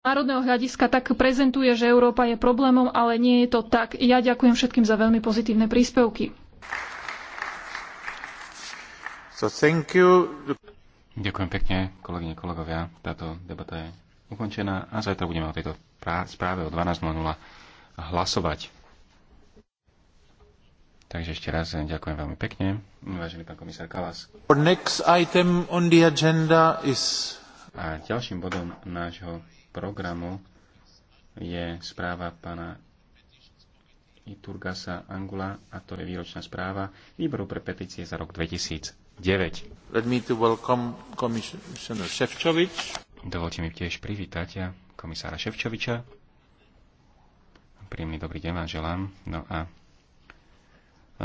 národného hľadiska tak prezentuje, že Európa je problémom, ale nie je to tak. Ja ďakujem všetkým za veľmi pozitívne príspevky. So ďakujem pekne, kolegyne, kolegovia. Táto debata je ukončená a zajtra budeme o tejto správe o 12.00 hlasovať. Takže ešte raz ďakujem veľmi pekne, vážený pán komisár Kalas. A ďalším bodom nášho programu je správa pána Iturgasa Angula a to je výročná správa výboru pre petície za rok 2009. Let me to welcome Commissioner Ševčovič. Dovolte mi tiež privítať komisára Ševčoviča. Príjemný dobrý deň vám želám. No a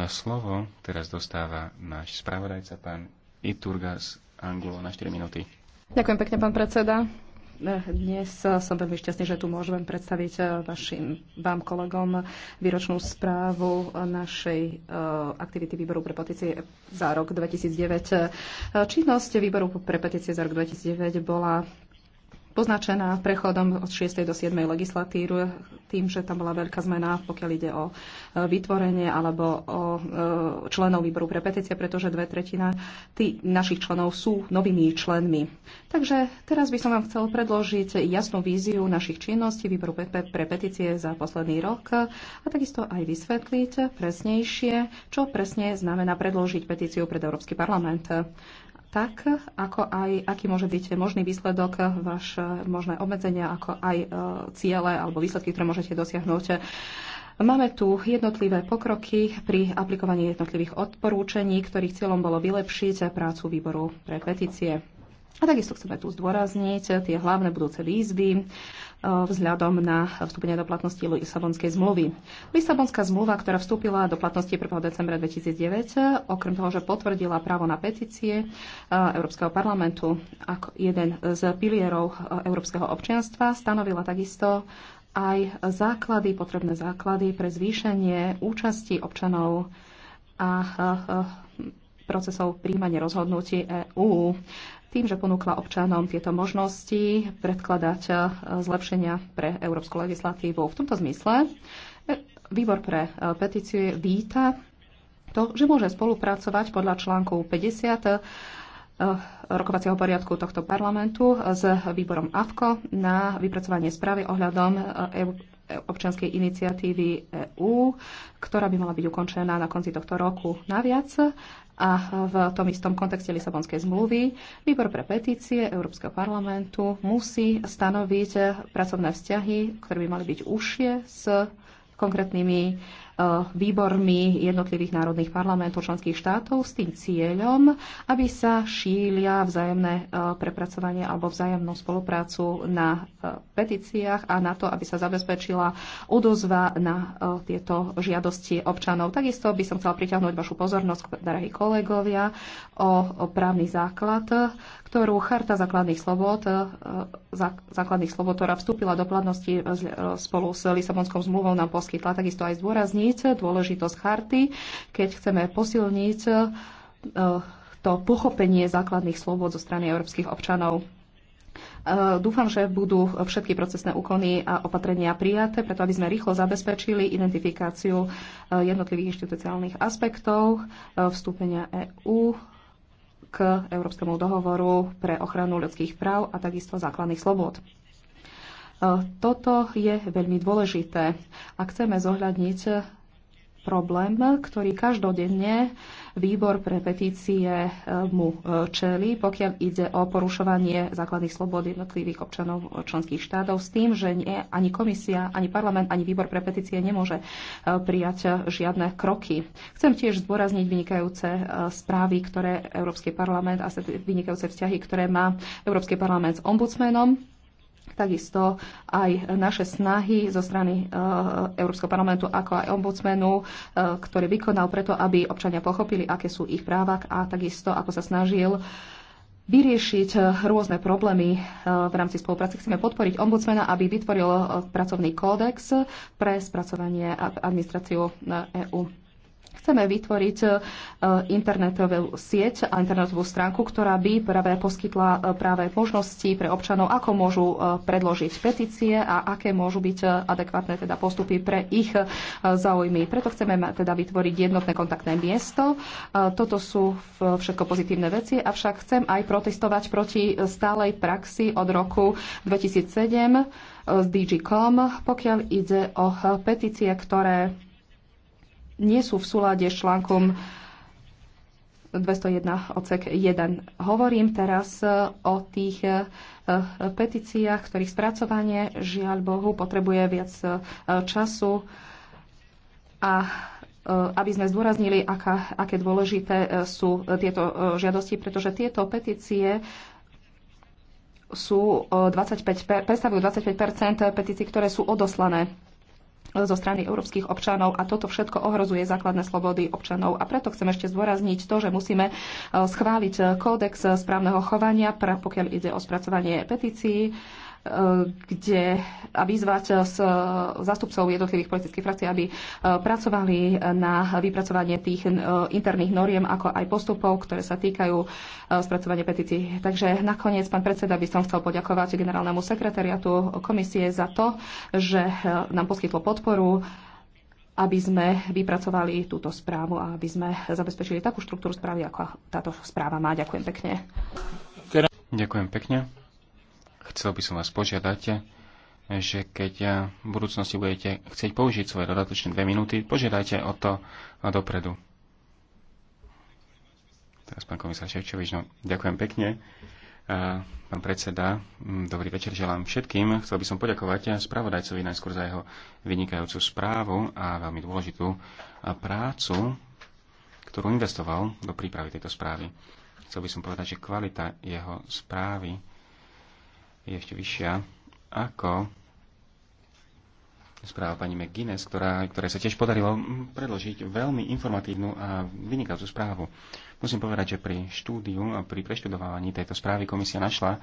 slovo teraz dostáva náš spravodajca, pán Iturgas Angulo, na 4 minúty. Ďakujem pekne, pán predseda. Dnes som veľmi šťastný, že tu môžem predstaviť eh, vašim, vám kolegom výročnú správu našej eh, aktivity výboru pre petície za rok 2009. Eh, činnosť výboru pre petície za rok 2009 bola poznačená prechodom od 6. do 7. legislatívy, tým, že tam bola veľká zmena, pokiaľ ide o e, vytvorenie alebo o e, členov výboru pre petície, pretože dve tretina tí, našich členov sú novými členmi. Takže teraz by som vám chcel predložiť jasnú víziu našich činností výboru pre petície za posledný rok a takisto aj vysvetliť presnejšie, čo presne znamená predložiť petíciu pred Európsky parlament tak ako aj aký môže byť možný výsledok, vaše možné obmedzenia, ako aj e, ciele alebo výsledky, ktoré môžete dosiahnuť. Máme tu jednotlivé pokroky pri aplikovaní jednotlivých odporúčení, ktorých cieľom bolo vylepšiť prácu výboru pre petície. A takisto chceme tu zdôrazniť tie hlavné budúce výzvy, vzhľadom na vstúpenie do platnosti Lisabonskej zmluvy. Lisabonská zmluva, ktorá vstúpila do platnosti 1. decembra 2009, okrem toho, že potvrdila právo na petície e, Európskeho parlamentu ako jeden z pilierov e, európskeho občianstva, stanovila takisto aj základy, potrebné základy pre zvýšenie účasti občanov a e, procesov príjmania rozhodnutí EÚ tým, že ponúkla občanom tieto možnosti predkladať e, zlepšenia pre európsku legislatívu. V tomto zmysle e, výbor pre e, petície víta to, že môže spolupracovať podľa článku 50 rokovacieho poriadku tohto parlamentu s výborom AFKO na vypracovanie správy ohľadom občianskej iniciatívy EÚ, ktorá by mala byť ukončená na konci tohto roku. Naviac a v tom istom kontexte Lisabonskej zmluvy výbor pre petície Európskeho parlamentu musí stanoviť pracovné vzťahy, ktoré by mali byť užšie s konkrétnymi E, výbormi jednotlivých národných parlamentov členských štátov s tým cieľom, aby sa šília vzájomné e, prepracovanie alebo vzájomnú spoluprácu na e, petíciách a na to, aby sa zabezpečila odozva na tieto žiadosti občanov. Takisto by som chcela priťahnuť vašu pozornosť, drahí kolegovia, o právny základ, ktorú Charta základných slobod, základných slobod, ktorá vstúpila do platnosti spolu s Lisabonskou zmluvou, nám poskytla, takisto aj zdôrazní, harmoniť dôležitosť charty, keď chceme posilniť eh, to pochopenie základných slobod zo strany európskych občanov. Eh, dúfam, že budú všetky procesné úkony a opatrenia prijaté, preto aby sme rýchlo zabezpečili identifikáciu eh, jednotlivých inštitucionálnych aspektov vstúpenia EÚ k Európskemu dohovoru pre ochranu ľudských práv a takisto základných slobod. E, toto je veľmi dôležité. Ak chceme zohľadniť problém, ktorý každodenne výbor pre petície e, mu e, čeli, pokiaľ ide o porušovanie základných slobod jednotlivých občanov členských štátov, s tým, že nie, ani komisia, ani parlament, ani výbor pre petície nemôže prijať žiadne kroky. Chcem tiež zdôrazniť vynikajúce správy, ktoré Európsky parlament a vynikajúce vzťahy, ktoré má Európsky parlament s ombudsmenom takisto aj naše snahy zo strany e, Európskeho parlamentu, ako aj ombudsmenu, e, ktorý vykonal preto, aby občania pochopili, aké sú ich práva a takisto ako sa snažil vyriešiť e, rôzne problémy v rámci spolupráce. Chceme podporiť ombudsmena, aby vytvoril pracovný kódex pre spracovanie a administráciu EÚ. Chceme vytvoriť e, internetovú sieť a internetovú stránku, ktorá by práve poskytla e, práve možnosti pre občanov, ako môžu e, predložiť petície a aké môžu byť adekvátne teda postupy pre ich záujmy. Preto chceme teda vytvoriť jednotné kontaktné miesto. Toto sú všetko pozitívne veci, avšak chcem aj protestovať proti stálej praxi od roku 2007 s DG.com, pokiaľ ide o petície, ktoré nie sú v súlade s článkom 201 odsek 1. Hovorím teraz e, o tých e, e, petíciách, ktorých spracovanie, žiaľ Bohu, potrebuje viac času a aby sme zdôraznili, aká, aké dôležité sú tieto žiadosti, pretože tieto petície sú 25, predstavujú 25 petícií, ktoré sú odoslané zo strany európskych občanov a toto všetko ohrozuje základné slobody občanov. A preto chcem ešte zdôrazniť to, že musíme e, schváliť e, kódex e, správneho chovania, pokiaľ ide o spracovanie petícií kde a vyzvať s zastupcov jednotlivých politických frakcií, aby e, pracovali na vypracovanie tých e, interných noriem, ako aj postupov, ktoré sa týkajú e, spracovania petícií. Takže nakoniec, pán predseda, by som chcel poďakovať generálnemu sekretariatu komisie za to, že nám poskytlo podporu aby sme vypracovali túto správu a aby sme zabezpečili takú štruktúru správy, ako táto správa má. Ďakujem pekne. Ďakujem pekne chcel by som vás požiadať, že keď v budúcnosti budete chcieť použiť svoje dodatočné dve minúty, požiadajte o to dopredu. Teraz pán komisár Ševčovič, no, ďakujem pekne. Pán predseda, dobrý večer želám všetkým. Chcel by som poďakovať spravodajcovi najskôr za jeho vynikajúcu správu a veľmi dôležitú prácu, ktorú investoval do prípravy tejto správy. Chcel by som povedať, že kvalita jeho správy je ešte vyššia ako správa pani McGuinness, ktorá, ktoré sa tiež podarilo predložiť veľmi informatívnu a vynikajúcu správu. Musím povedať, že pri štúdiu a pri preštudovávaní tejto správy komisia našla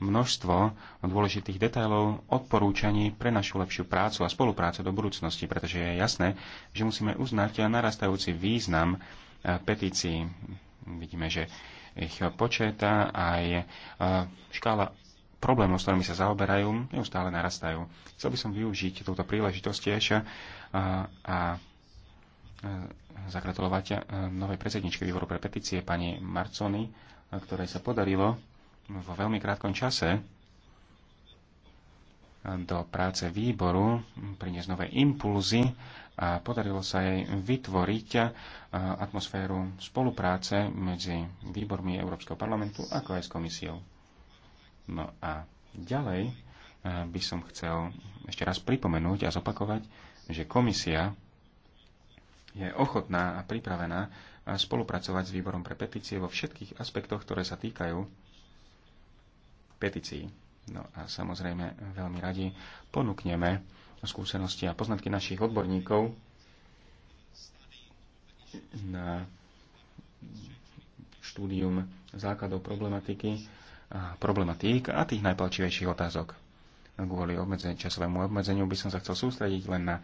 množstvo dôležitých detajlov, odporúčaní pre našu lepšiu prácu a spoluprácu do budúcnosti, pretože je jasné, že musíme uznať narastajúci význam e, petícií. Vidíme, že ich počet aj e, škála problémov, s ktorými sa zaoberajú, neustále narastajú. Chcel by som využiť túto príležitosť tiež a, a zagratulovať novej predsedničke výboru pre petície, pani Marconi, ktorej sa podarilo vo veľmi krátkom čase do práce výboru priniesť nové impulzy a podarilo sa jej vytvoriť atmosféru spolupráce medzi výbormi Európskeho parlamentu ako aj s komisiou. No a ďalej eh, by som chcel ešte raz pripomenúť a zopakovať, že komisia je ochotná a pripravená eh, spolupracovať s výborom pre petície vo všetkých aspektoch, ktoré sa týkajú petícií. No a samozrejme eh, veľmi radi ponúkneme skúsenosti a poznatky našich odborníkov na štúdium základov problematiky problematík a tých najpalčivejších otázok. Kvôli obmedzeniu, časovému obmedzeniu by som sa chcel sústrediť len na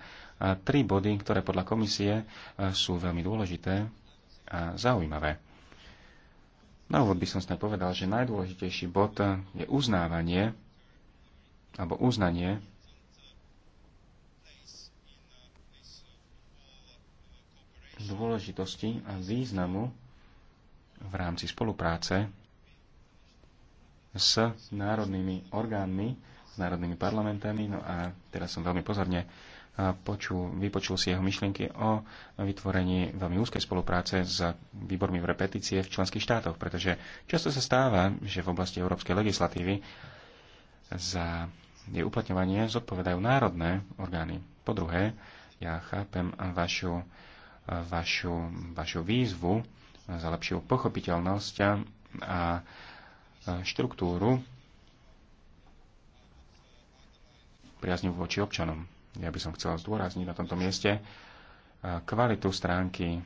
tri body, ktoré podľa komisie sú veľmi dôležité a zaujímavé. Na úvod by som snad povedal, že najdôležitejší bod je uznávanie alebo uznanie dôležitosti a významu v rámci spolupráce s národnými orgánmi, s národnými parlamentami. No a teraz som veľmi pozorne počul, vypočul si jeho myšlienky o vytvorení veľmi úzkej spolupráce s výbormi v repetície v členských štátoch, pretože často sa stáva, že v oblasti európskej legislatívy za jej uplatňovanie zodpovedajú národné orgány. Po druhé, ja chápem vašu, vašu, vašu výzvu za lepšiu pochopiteľnosť a, a štruktúru priaznivú voči občanom. Ja by som chcel zdôrazniť na tomto mieste eh, kvalitu stránky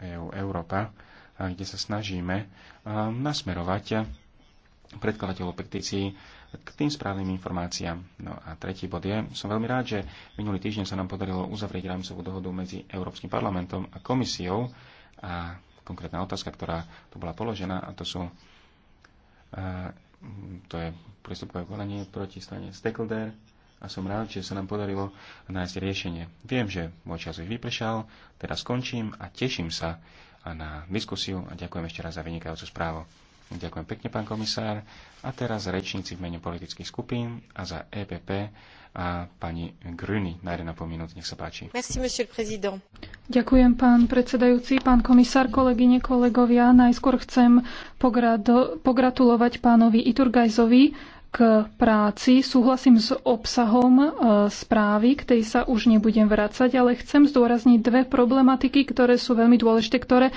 EU Európa, eh, kde sa snažíme eh, nasmerovať predkladateľov petícií k tým správnym informáciám. No a tretí bod je, som veľmi rád, že minulý týždeň sa nám podarilo uzavrieť rámcovú dohodu medzi Európskym parlamentom a komisiou a konkrétna otázka, ktorá tu bola položená, a to sú a mm, to je prístupkové konanie proti strane Stakeholder a som rád, že sa nám podarilo nájsť riešenie. Viem, že môj čas už vypršal, teraz skončím a teším sa na diskusiu a ďakujem ešte raz za vynikajúcu správu. Ďakujem pekne, pán komisár. A teraz rečníci v mene politických skupín a za EPP a pani Gruny na 1,5 minút. Nech sa páči. Merci, Ďakujem, pán predsedajúci, pán komisár, kolegyne, kolegovia. Najskôr chcem pogratulovať pánovi Iturgajzovi k práci. Súhlasím s obsahom e, správy, k tej sa už nebudem vrácať, ale chcem zdôrazniť dve problematiky, ktoré sú veľmi dôležité, ktoré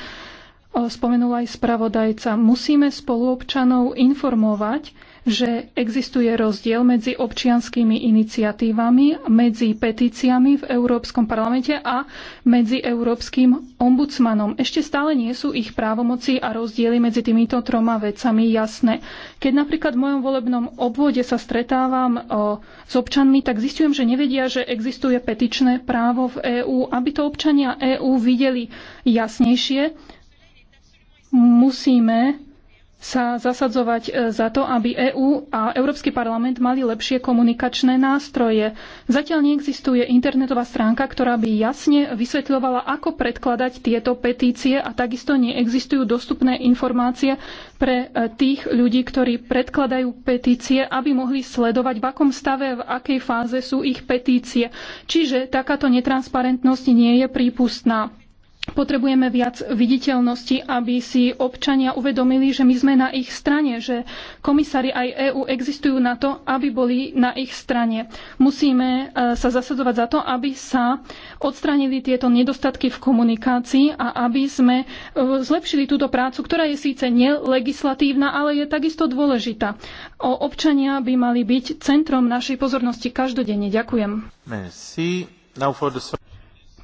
spomenul aj spravodajca, musíme spoluobčanov informovať, že existuje rozdiel medzi občianskými iniciatívami, medzi petíciami v Európskom parlamente a medzi Európskym ombudsmanom. Ešte stále nie sú ich právomoci a rozdiely medzi týmito troma vecami jasné. Keď napríklad v mojom volebnom obvode sa stretávam o, s občanmi, tak zistujem, že nevedia, že existuje petičné právo v EÚ. Aby to občania EÚ videli jasnejšie, musíme sa zasadzovať e, za to, aby EÚ a Európsky parlament mali lepšie komunikačné nástroje. Zatiaľ neexistuje internetová stránka, ktorá by jasne vysvetľovala, ako predkladať tieto petície a takisto neexistujú dostupné informácie pre e, tých ľudí, ktorí predkladajú petície, aby mohli sledovať, v akom stave, v akej fáze sú ich petície. Čiže takáto netransparentnosť nie je prípustná. Potrebujeme viac viditeľnosti, aby si občania uvedomili, že my sme na ich strane, že komisári aj EÚ existujú na to, aby boli na ich strane. Musíme e, sa zasadovať za to, aby sa odstranili tieto nedostatky v komunikácii a aby sme e, zlepšili túto prácu, ktorá je síce nelegislatívna, ale je takisto dôležitá. O občania by mali byť centrom našej pozornosti každodenne. Ďakujem. Merci. Now for the...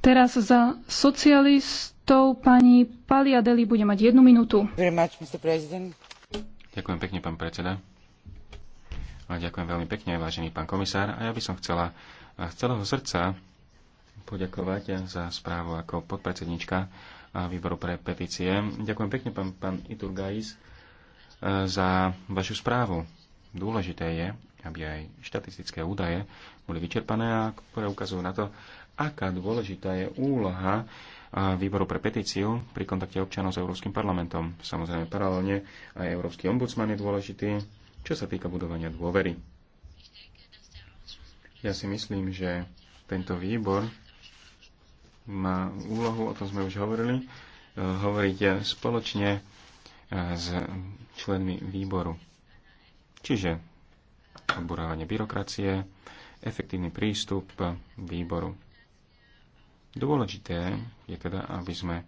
Teraz za socialistov pani Paliadeli bude mať jednu minútu. Ďakujem pekne, pán predseda. A ďakujem veľmi pekne, vážený pán komisár. A ja by som chcela z celého srdca poďakovať za správu ako podpredsednička výboru pre petície. Ďakujem pekne, pán, pán Iturgais, e, za vašu správu. Dôležité je, aby aj štatistické údaje boli vyčerpané a ktoré ukazujú na to, aká dôležitá je úloha výboru pre petíciu pri kontakte občanov s Európskym parlamentom. Samozrejme, paralelne aj Európsky ombudsman je dôležitý, čo sa týka budovania dôvery. Ja si myslím, že tento výbor má úlohu, o tom sme už hovorili, e, hovoriť spoločne e, s členmi výboru. Čiže odburávanie byrokracie, efektívny prístup výboru Dôležité je teda, aby sme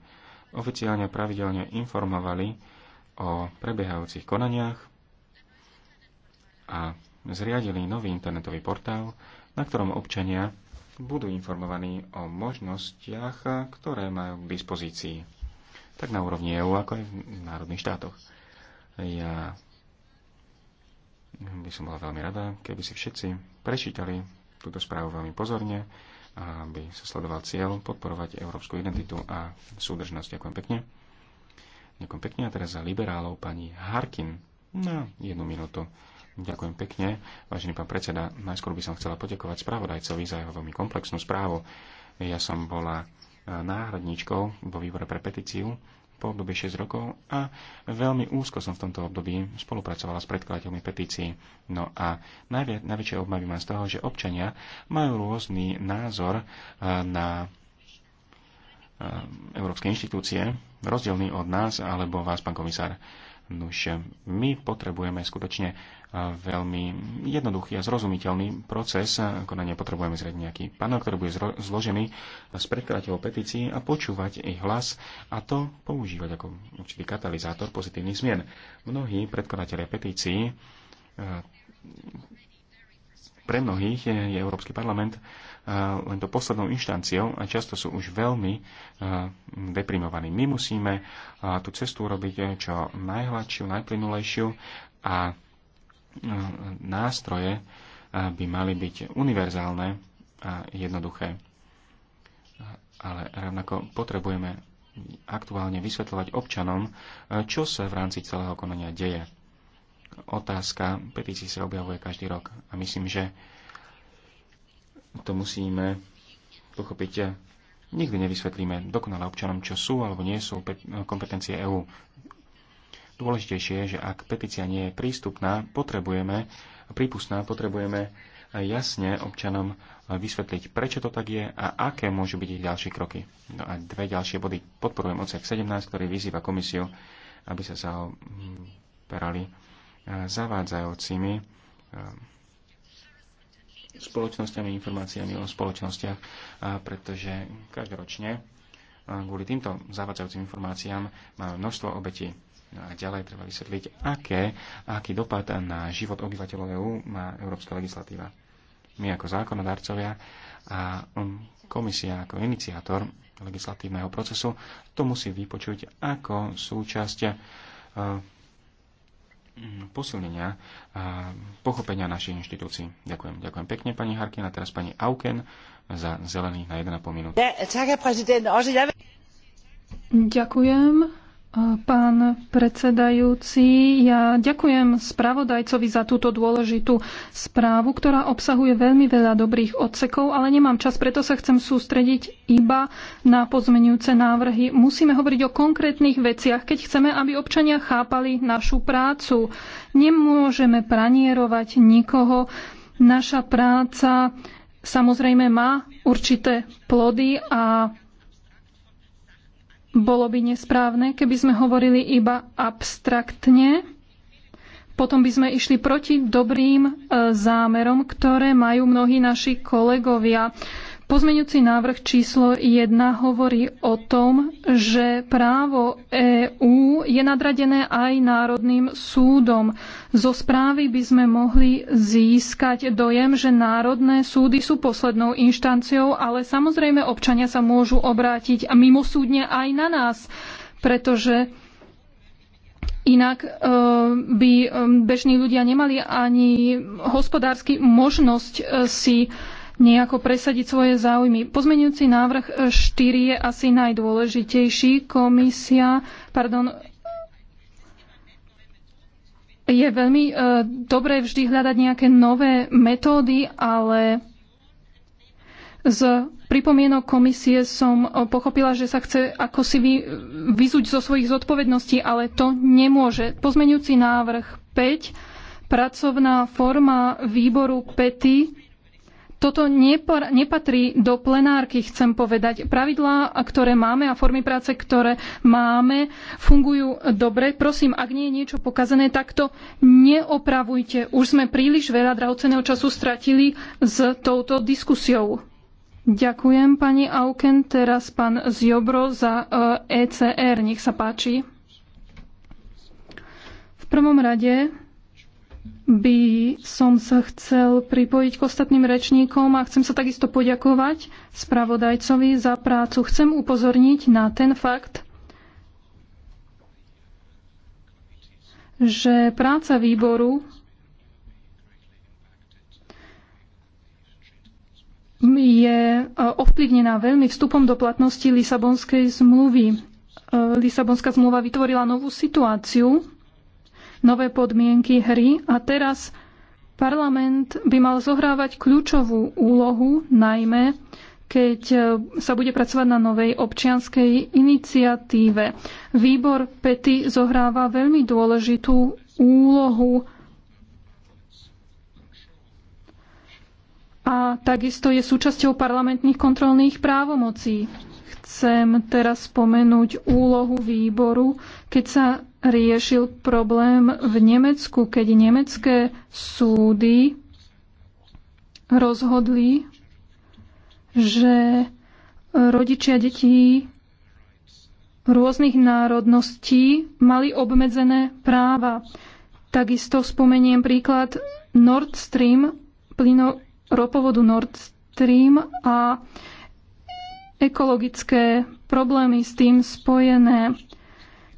oficiálne a pravidelne informovali o prebiehajúcich konaniach a zriadili nový internetový portál, na ktorom občania budú informovaní o možnostiach, ktoré majú k dispozícii, tak na úrovni EÚ, ako aj v národných štátoch. Ja by som bola veľmi rada, keby si všetci prečítali túto správu veľmi pozorne aby sa sledoval cieľ podporovať európsku identitu a súdržnosť. Ďakujem pekne. Ďakujem pekne a teraz za liberálov pani Harkin na jednu minútu. Ďakujem pekne. Vážený pán predseda, najskôr by som chcela poďakovať spravodajcovi za jeho veľmi komplexnú správu. Ja som bola eh, náhradníčkou vo výbore pre petíciu po období 6 rokov a veľmi úzko som v tomto období spolupracovala s predkladateľmi petícií. No a najvi- najväčšie obmavy mám z toho, že občania majú rôzny názor e, na e, európske inštitúcie, rozdielný od nás alebo vás, pán komisár. Nuž, my potrebujeme skutočne e, veľmi jednoduchý a zrozumiteľný proces konania. Potrebujeme zrieť nejaký panel, ktorý bude zložený z predkladateľov petícií a počúvať ich hlas a to používať ako určitý katalizátor pozitívnych zmien. Mnohí predkladatelia petícií e, pre mnohých je, je Európsky parlament uh, len to poslednou inštanciou a často sú už veľmi uh, deprimovaní. My musíme uh, tú cestu urobiť čo najhladšiu, najplynulejšiu a uh, nástroje uh, by mali byť univerzálne a jednoduché. Ale rovnako potrebujeme aktuálne vysvetľovať občanom, čo sa v rámci celého konania deje otázka petícií sa objavuje každý rok. A myslím, že to musíme pochopiť. Nikdy nevysvetlíme dokonale občanom, čo sú alebo nie sú kompetencie EÚ. Dôležitejšie je, že ak petícia nie je prístupná, potrebujeme, prípustná, potrebujeme jasne občanom vysvetliť, prečo to tak je a aké môžu byť ich ďalšie kroky. No a dve ďalšie body podporujem odsek 17, ktorý vyzýva komisiu, aby sa zaoperali zavádzajúcimi e, spoločnosťami, informáciami o spoločnostiach, pretože každoročne e, kvôli týmto zavádzajúcim informáciám máme množstvo obetí. No a ďalej treba vysvetliť, aké, aký dopad na život obyvateľov EÚ má európska legislatíva. My ako zákonodarcovia a komisia ako iniciátor legislatívneho procesu to musí vypočuť ako súčasť e, Mm, posilnenia a pochopenia našej inštitúcií. Ďakujem. Ďakujem pekne, pani Harkin, a teraz pani Auken za zelených na 1,5 minúty. Oh, Ďakujem. Pán predsedajúci, ja ďakujem spravodajcovi za túto dôležitú správu, ktorá obsahuje veľmi veľa dobrých odsekov, ale nemám čas, preto sa chcem sústrediť iba na pozmenujúce návrhy. Musíme hovoriť o konkrétnych veciach, keď chceme, aby občania chápali našu prácu. Nemôžeme pranierovať nikoho. Naša práca samozrejme má určité plody a bolo by nesprávne, keby sme hovorili iba abstraktne, potom by sme išli proti dobrým e, zámerom, ktoré majú mnohí naši kolegovia. Pozmeňujúci návrh číslo 1 hovorí o tom, že právo EÚ je nadradené aj Národným súdom. Zo správy by sme mohli získať dojem, že národné súdy sú poslednou inštanciou, ale samozrejme občania sa môžu obrátiť mimosúdne aj na nás, pretože Inak e, by e, bežní ľudia nemali ani hospodársky možnosť e, si nejako presadiť svoje záujmy. Pozmenujúci návrh 4 je asi najdôležitejší. Komisia, pardon, je veľmi e, dobré vždy hľadať nejaké nové metódy, ale z pripomienok komisie som e, pochopila, že sa chce ako si vy, vyzuť zo svojich zodpovedností, ale to nemôže. Pozmenujúci návrh 5, pracovná forma výboru PETI toto nepatrí do plenárky, chcem povedať. Pravidlá, ktoré máme a formy práce, ktoré máme, fungujú dobre. Prosím, ak nie je niečo pokazené, tak to neopravujte. Už sme príliš veľa drahoceného času stratili s touto diskusiou. Ďakujem, pani Auken. Teraz pán zjobro za ECR. Eh, e Nech sa páči. V prvom rade by som sa chcel pripojiť k ostatným rečníkom a chcem sa takisto poďakovať spravodajcovi za prácu. Chcem upozorniť na ten fakt, že práca výboru je e, ovplyvnená veľmi vstupom do platnosti Lisabonskej zmluvy. E, Lisabonská zmluva vytvorila novú situáciu, nové podmienky hry a teraz parlament by mal zohrávať kľúčovú úlohu, najmä keď e, sa bude pracovať na novej občianskej iniciatíve. Výbor PETY zohráva veľmi dôležitú úlohu a takisto je súčasťou parlamentných kontrolných právomocí. Chcem teraz spomenúť úlohu výboru, keď sa riešil problém v Nemecku, keď nemecké súdy rozhodli, že rodičia detí rôznych národností mali obmedzené práva. Takisto spomeniem príklad Nord Stream, plino ropovodu Nord Stream a ekologické problémy s tým spojené.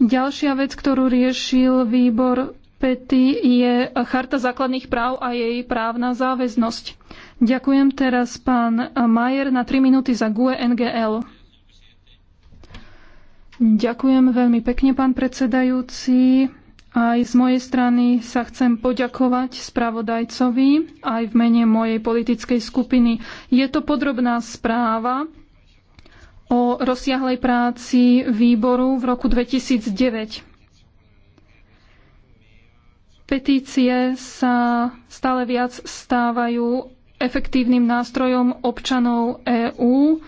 Ďalšia vec, ktorú riešil výbor PETI, je Charta základných práv a jej právna záväznosť. Ďakujem teraz pán Majer na 3 minúty za GUE NGL. Ďakujem veľmi pekne, pán predsedajúci. Aj z mojej strany sa chcem poďakovať spravodajcovi aj v mene mojej politickej skupiny. Je to podrobná správa, o rozsiahlej práci výboru v roku 2009. Petície sa stále viac stávajú efektívnym nástrojom občanov EÚ.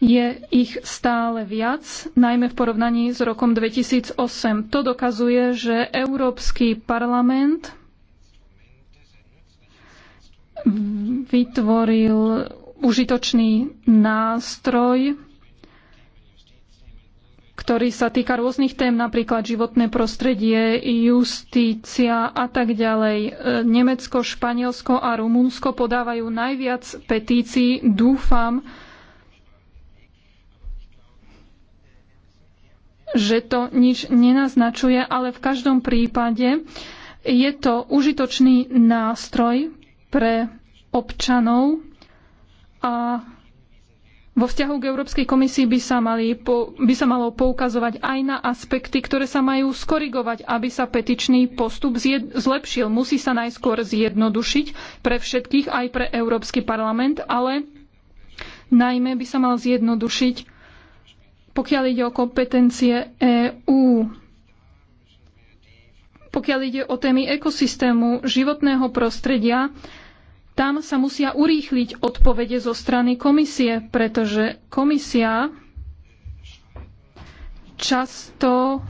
Je ich stále viac, najmä v porovnaní s rokom 2008. To dokazuje, že Európsky parlament vytvoril užitočný nástroj ktorý sa týka rôznych tém, napríklad životné prostredie, justícia a tak ďalej. E, Nemecko, Španielsko a Rumunsko podávajú najviac petícií. Dúfam, že to nič nenaznačuje, ale v každom prípade je to užitočný nástroj pre občanov a vo vzťahu k Európskej komisii by sa, mali, by sa malo poukazovať aj na aspekty, ktoré sa majú skorigovať, aby sa petičný postup zlepšil. Musí sa najskôr zjednodušiť pre všetkých, aj pre Európsky parlament, ale najmä by sa mal zjednodušiť, pokiaľ ide o kompetencie EÚ. Pokiaľ ide o témy ekosystému, životného prostredia, tam sa musia urýchliť odpovede zo strany komisie, pretože komisia často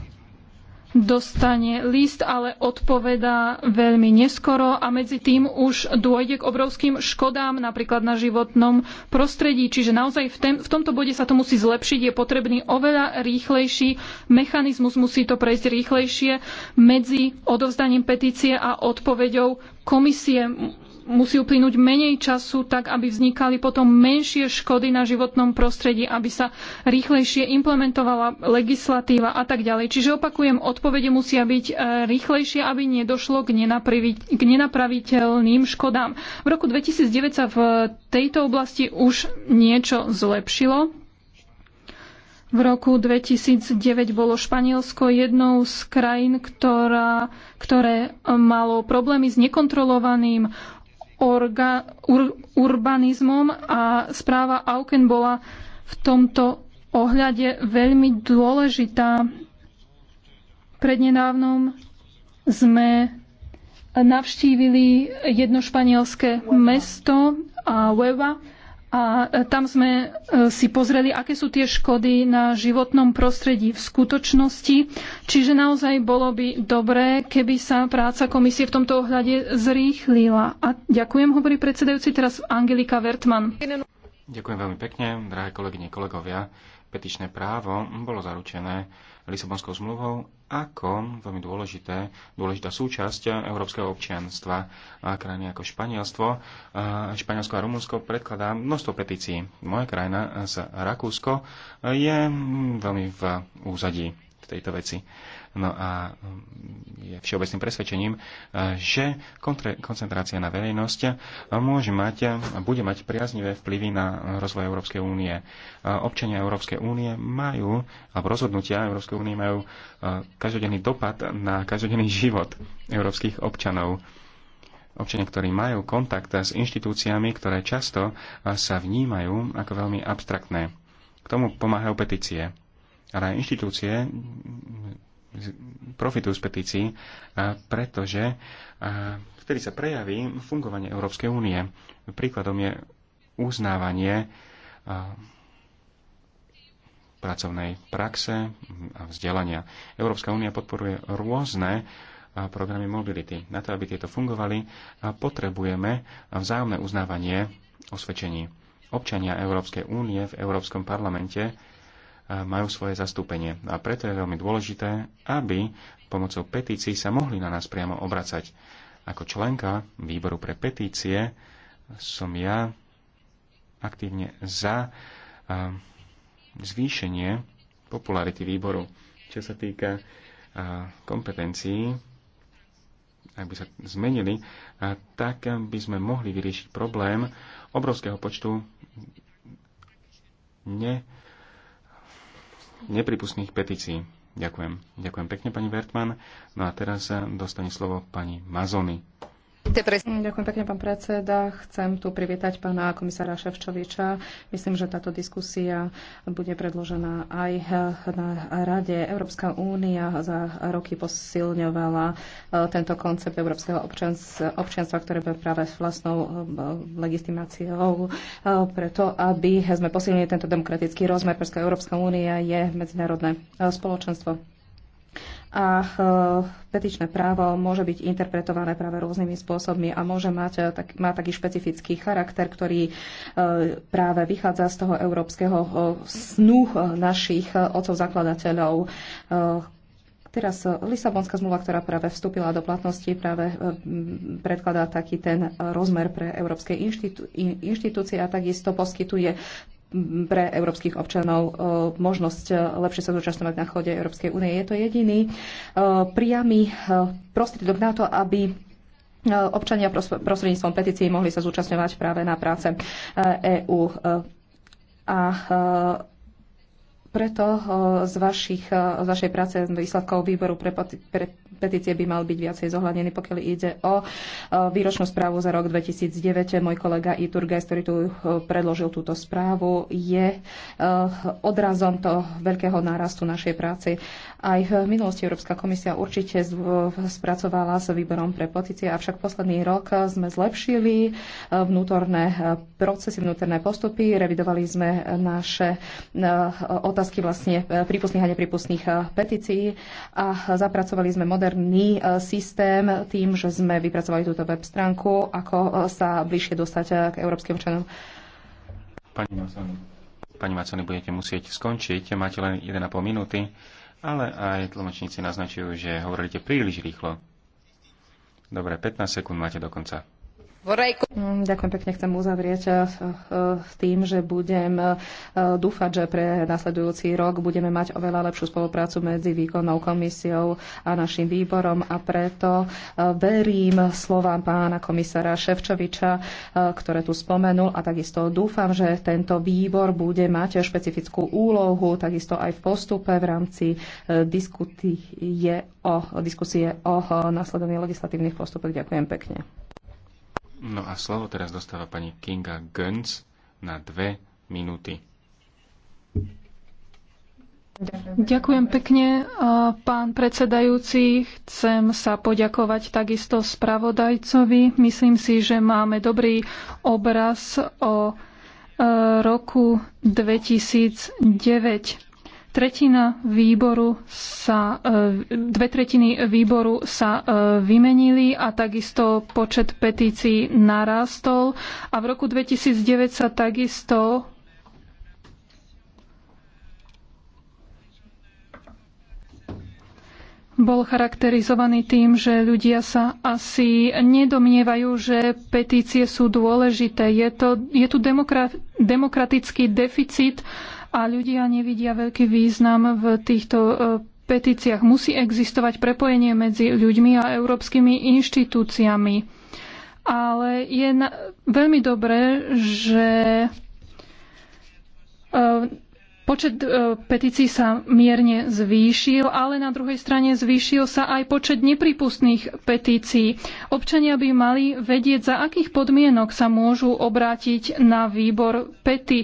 dostane list, ale odpovedá veľmi neskoro a medzi tým už dôjde k obrovským škodám napríklad na životnom prostredí. Čiže naozaj v, v tomto bode sa to musí zlepšiť. Je potrebný oveľa rýchlejší mechanizmus, musí to prejsť rýchlejšie medzi odovzdaním petície a odpoveďou komisie musí uplynúť menej času, tak aby vznikali potom menšie škody na životnom prostredí, aby sa rýchlejšie implementovala legislatíva a tak ďalej. Čiže opakujem, odpovede musia byť e, rýchlejšie, aby nedošlo k, k nenapraviteľným škodám. V roku 2009 sa v tejto oblasti už niečo zlepšilo. V roku 2009 bolo Španielsko jednou z krajín, ktorá, ktoré e, malo problémy s nekontrolovaným orga, ur, urbanizmom a správa Auken bola v tomto ohľade veľmi dôležitá. Prednedávnom sme navštívili jedno španielské mesto a Hueva a e, tam sme e, si pozreli, aké sú tie škody na životnom prostredí v skutočnosti. Čiže naozaj bolo by dobré, keby sa práca komisie v tomto ohľade zrýchlila. A ďakujem, hovorí predsedajúci teraz Angelika Vertman. Ďakujem veľmi pekne, drahé kolegyne, kolegovia. Petičné právo bolo zaručené Lisabonskou zmluvou ako veľmi dôležité, dôležitá súčasť európskeho občianstva a krajiny ako Španielstvo, Španielsko a Rumunsko predkladá množstvo petícií. Moja krajina z Rakúsko je mm, veľmi v úzadí v tejto veci. No a no, je všeobecným presvedčením, eh, že koncentrácia na verejnosť eh, môže mať eh, a bude mať priaznivé vplyvy na rozvoj Európskej únie. Občania Európskej únie majú, alebo rozhodnutia Európskej únie majú každodenný dopad na každodenný život európskych občanov občania, ktorí majú kontakt s inštitúciami, ktoré často sa vnímajú ako veľmi abstraktné. K tomu pomáhajú petície. Ale aj inštitúcie profitujú z petícií, pretože vtedy sa prejaví fungovanie Európskej únie. Príkladom je uznávanie pracovnej praxe a vzdelania. Európska únia podporuje rôzne programy mobility. Na to, aby tieto fungovali, potrebujeme vzájomné uznávanie osvedčení. Občania Európskej únie v Európskom parlamente majú svoje zastúpenie. A preto je veľmi dôležité, aby pomocou petícií sa mohli na nás priamo obracať. Ako členka výboru pre petície som ja aktívne za zvýšenie popularity výboru. Čo sa týka kompetencií, ak by sa zmenili, tak by sme mohli vyriešiť problém obrovského počtu ne nepripustných petícií. Ďakujem. Ďakujem pekne, pani Vertman. No a teraz dostane slovo pani Mazony. Ďakujem pekne, pán predseda. Chcem tu privítať pána komisára Ševčoviča. Myslím, že táto diskusia bude predložená aj na Rade. Európska únia za roky posilňovala e, tento koncept európskeho občianstva, ktoré bude práve s vlastnou e, legitimáciou e, preto, aby sme posilnili tento demokratický rozmer, pretože Európska únia je medzinárodné spoločenstvo a eh, petičné právo môže byť interpretované práve rôznymi spôsobmi a môže mať eh, tak, má taký špecifický charakter, ktorý eh, práve vychádza z toho európskeho snu našich otcov zakladateľov, Teraz Lisabonská zmluva, ktorá práve vstúpila do platnosti, práve predkladá taký ten rozmer pre európske inštitú, inštitúcie a takisto poskytuje pre európskych občanov e, možnosť e, lepšie sa zúčastňovať na chode Európskej únie. Je to jediný e, priamy prostriedok na to, aby občania prostredníctvom petícií mohli sa zúčastňovať práve na práce EÚ. A preto eh, z, vašich, eh, z vašej práce výsledkov výboru pre, pre petície by mal byť viacej zohľadnený, pokiaľ ide o eh, výročnú správu za rok 2009. Môj kolega Iturgajs, ktorý tu predložil túto správu, je odrazom toho veľkého nárastu našej práce aj v minulosti Európska komisia určite spracovala s výborom pre petície, avšak posledný rok sme zlepšili eh, vnútorné eh, procesy, vnútorné postupy, revidovali sme naše eh, otázky vlastne prípustných a nepripustných petícií a zapracovali sme moderný systém tým, že sme vypracovali túto web stránku, ako sa bližšie dostať k európskym občanom. Pani Macony, budete musieť skončiť. Máte len 1,5 minúty ale aj tlmočníci naznačujú, že hovoríte príliš rýchlo. Dobre, 15 sekúnd máte do konca. Ďakujem pekne, chcem uzavrieť eh, s tým, že budem eh, dúfať, že pre nasledujúci rok budeme mať oveľa lepšiu spoluprácu medzi výkonnou komisiou a našim výborom a preto eh, verím slovám pána komisára Ševčoviča, ktoré tu spomenul a takisto dúfam, že tento výbor bude mať špecifickú úlohu, takisto aj v postupe v rámci diskusie o, diskusie o nasledovných legislatívnych postupoch. Ďakujem pekne. No a slovo teraz dostáva pani Kinga Gönz na dve minúty. Ďakujem pekne, pán predsedajúci. Chcem sa poďakovať takisto spravodajcovi. Myslím si, že máme dobrý obraz o e, roku 2009. Tretina výboru sa, e, dve tretiny výboru sa e, vymenili a takisto počet petícií narastol a v roku 2009 sa takisto bol charakterizovaný tým, že ľudia sa asi nedomnievajú, že petície sú dôležité. Je, to, je tu demokratický deficit a ľudia nevidia veľký význam v týchto e, petíciách. Musí existovať prepojenie medzi ľuďmi a európskymi inštitúciami. Ale je na, veľmi dobré, že e, Počet e, petícií sa mierne zvýšil, ale na druhej strane zvýšil sa aj počet nepripustných petícií. Občania by mali vedieť, za akých podmienok sa môžu obrátiť na výbor pety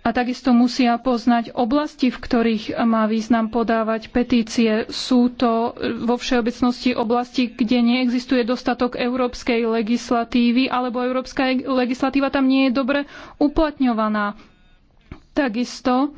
a takisto musia poznať oblasti, v ktorých má význam podávať petície. Sú to e, vo všeobecnosti oblasti, kde neexistuje dostatok európskej legislatívy, alebo európska e, legislatíva tam nie je dobre uplatňovaná. Takisto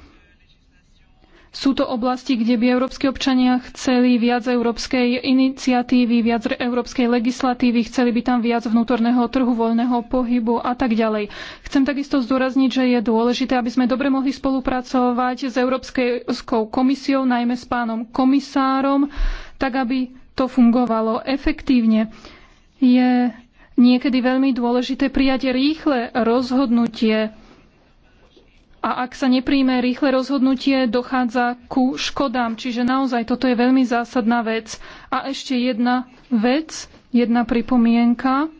sú to oblasti, kde by európsky občania chceli viac európskej iniciatívy, viac európskej legislatívy, chceli by tam viac vnútorného trhu, voľného pohybu a tak ďalej. Chcem takisto zdôrazniť, že je dôležité, aby sme dobre mohli spolupracovať s Európskou komisiou, najmä s pánom komisárom, tak aby to fungovalo efektívne. Je niekedy veľmi dôležité prijať rýchle rozhodnutie a ak sa nepríjme rýchle rozhodnutie, dochádza ku škodám. Čiže naozaj toto je veľmi zásadná vec. A ešte jedna vec, jedna pripomienka.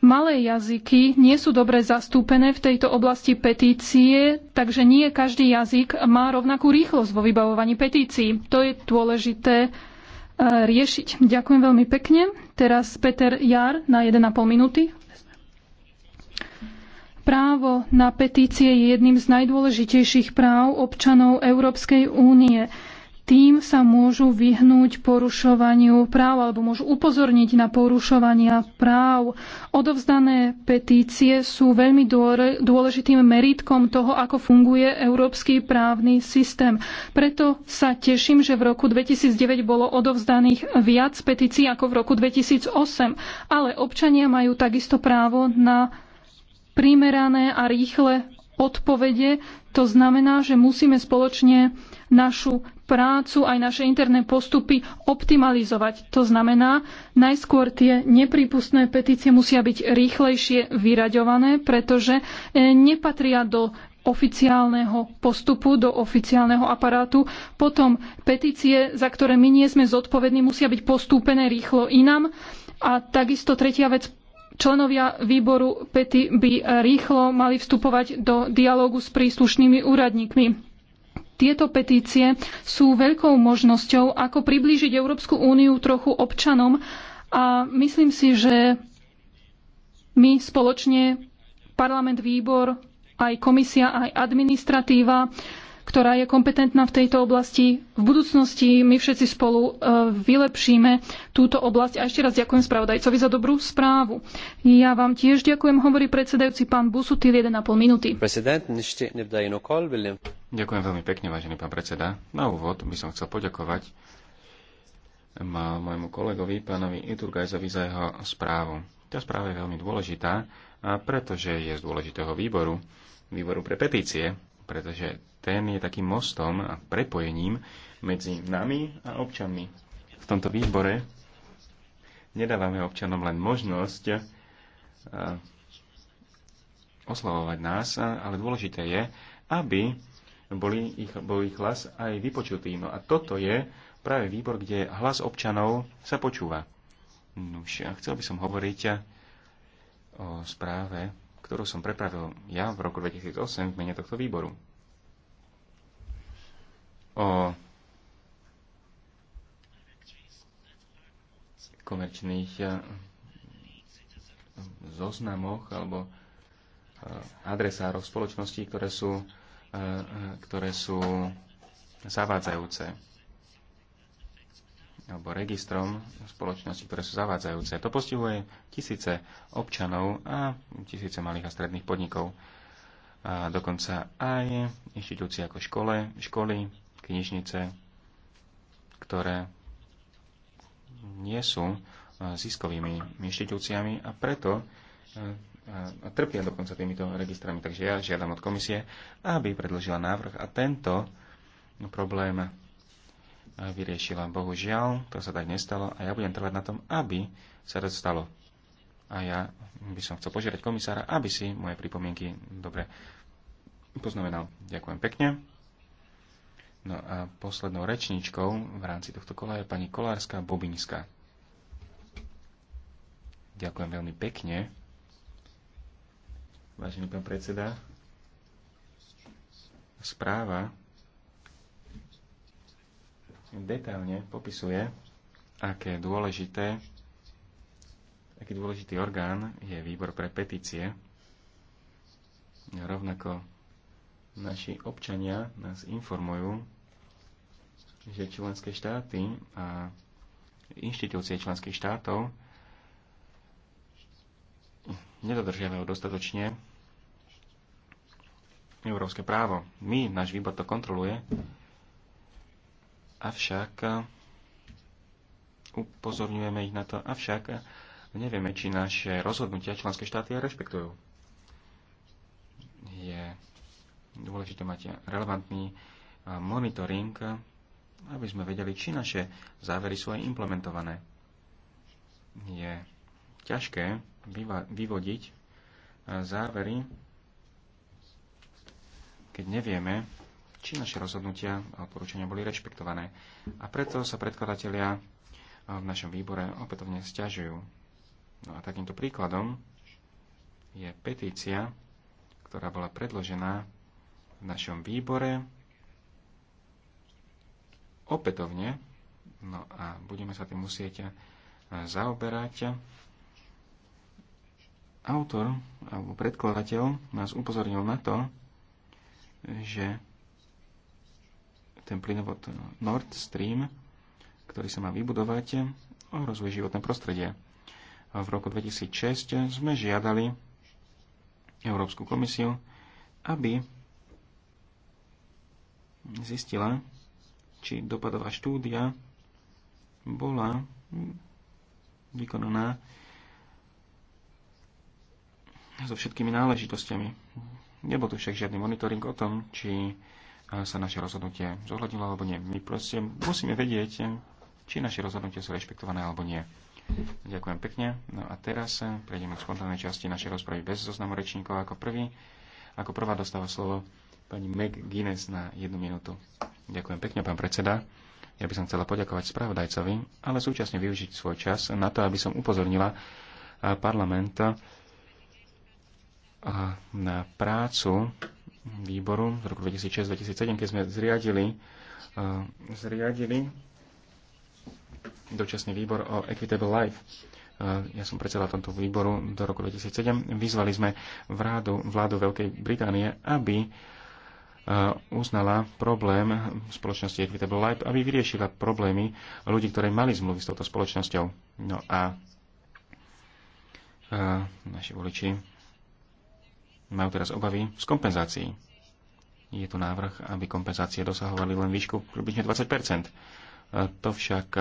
Malé jazyky nie sú dobre zastúpené v tejto oblasti petície, takže nie každý jazyk má rovnakú rýchlosť vo vybavovaní petícií. To je dôležité e, riešiť. Ďakujem veľmi pekne. Teraz Peter Jar na 1,5 minúty. Právo na petície je jedným z najdôležitejších práv občanov Európskej únie. Tým sa môžu vyhnúť porušovaniu práv alebo môžu upozorniť na porušovania práv. Odovzdané petície sú veľmi dôležitým meritkom toho, ako funguje európsky právny systém. Preto sa teším, že v roku 2009 bolo odovzdaných viac petícií ako v roku 2008, ale občania majú takisto právo na primerané a rýchle odpovede. To znamená, že musíme spoločne našu prácu aj naše interné postupy optimalizovať. To znamená, najskôr tie nepripustné petície musia byť rýchlejšie vyraďované, pretože e, nepatria do oficiálneho postupu do oficiálneho aparátu. Potom petície, za ktoré my nie sme zodpovední, musia byť postúpené rýchlo inám. A takisto tretia vec, Členovia výboru Pety by rýchlo mali vstupovať do dialógu s príslušnými úradníkmi. Tieto petície sú veľkou možnosťou, ako priblížiť Európsku úniu trochu občanom a myslím si, že my spoločne, parlament, výbor, aj komisia, aj administratíva ktorá je kompetentná v tejto oblasti. V budúcnosti my všetci spolu e, vylepšíme túto oblasť. A ešte raz ďakujem spravodajcovi za dobrú správu. Ja vám tiež ďakujem, hovorí predsedajúci pán Busutil 1,5 minúty. Ďakujem veľmi pekne, vážený pán predseda. Na úvod by som chcel poďakovať môjmu kolegovi, pánovi Iturgajzovi, za jeho správu. Tá správa je veľmi dôležitá, pretože je z dôležitého výboru, výboru pre petície, pretože ten je takým mostom a prepojením medzi nami a občanmi. V tomto výbore nedávame občanom len možnosť eh, oslavovať nás, ale dôležité je, aby boli ich, bol ich hlas aj vypočutý. No a toto je práve výbor, kde hlas občanov sa počúva. Nuž, a chcel by som hovoriť eh, o správe, ktorú som prepravil ja v roku 2008 v mene tohto výboru o komerčných eh, zoznamoch alebo eh, adresárov spoločností, ktoré sú, eh, ktoré sú zavádzajúce alebo registrom spoločnosti, ktoré sú zavádzajúce. To postihuje tisíce občanov a tisíce malých a stredných podnikov. A dokonca aj inštitúcie ako škole, školy, knižnice, ktoré nie sú e, ziskovými inštitúciami a preto e, a trpia dokonca týmito registrami. Takže ja žiadam od komisie, aby predložila návrh a tento problém vyriešila. Bohužiaľ, to sa tak nestalo a ja budem trvať na tom, aby sa to stalo. A ja by som chcel požiadať komisára, aby si moje pripomienky dobre poznamenal. Ďakujem pekne. No a poslednou rečníčkou v rámci tohto kola je pani Kolárska Bobiňská. Ďakujem veľmi pekne. Vážený pán predseda, správa detailne popisuje, aké dôležité, aký dôležitý orgán je výbor pre petície. Rovnako Naši občania nás informujú, že členské štáty a inštitúcie členských štátov nedodržiavajú dostatočne európske právo. My, náš výbor to kontroluje, avšak upozorňujeme ich na to, avšak nevieme, či naše rozhodnutia členské štáty aj rešpektujú. Je dôležité mať relevantný monitoring, aby sme vedeli, či naše závery sú aj implementované. Je ťažké vyvodiť závery, keď nevieme, či naše rozhodnutia a odporúčania boli rešpektované. A preto sa predkladatelia v našom výbore opätovne stiažujú. No a takýmto príkladom je petícia, ktorá bola predložená v našom výbore opätovne, no a budeme sa tým musieť e, zaoberať. Autor alebo predkladateľ nás upozornil na to, že ten plynovod Nord Stream, ktorý sa má vybudovať, ohrozuje životné prostredie. V roku 2006 sme žiadali Európsku komisiu, aby zistila, či dopadová štúdia bola vykonaná so všetkými náležitosťami. Nebol tu však žiadny monitoring o tom, či sa naše rozhodnutie zohľadnilo alebo nie. My proste musíme vedieť, či naše rozhodnutie sú rešpektované alebo nie. Ďakujem pekne. No a teraz prejdeme k spontánnej časti našej rozpravy bez zoznamu rečníkov. Ako prvý, ako prvá dostáva slovo pani Guinness na jednu minútu. Ďakujem pekne, pán predseda. Ja by som chcela poďakovať spravodajcovi, ale súčasne využiť svoj čas na to, aby som upozornila parlament na prácu výboru z roku 2006-2007, keď sme zriadili, zriadili dočasný výbor o Equitable Life. Ja som predseda tomto výboru do roku 2007. Vyzvali sme vládu, vládu Veľkej Británie, aby Eh, uznala problém spoločnosti Equitable Life, aby vyriešila problémy ľudí, ktorí mali zmluvy s touto spoločnosťou. No a eh, naši voliči majú teraz obavy z kompenzácií. Je tu návrh, aby kompenzácie dosahovali len výšku približne 20 eh, To však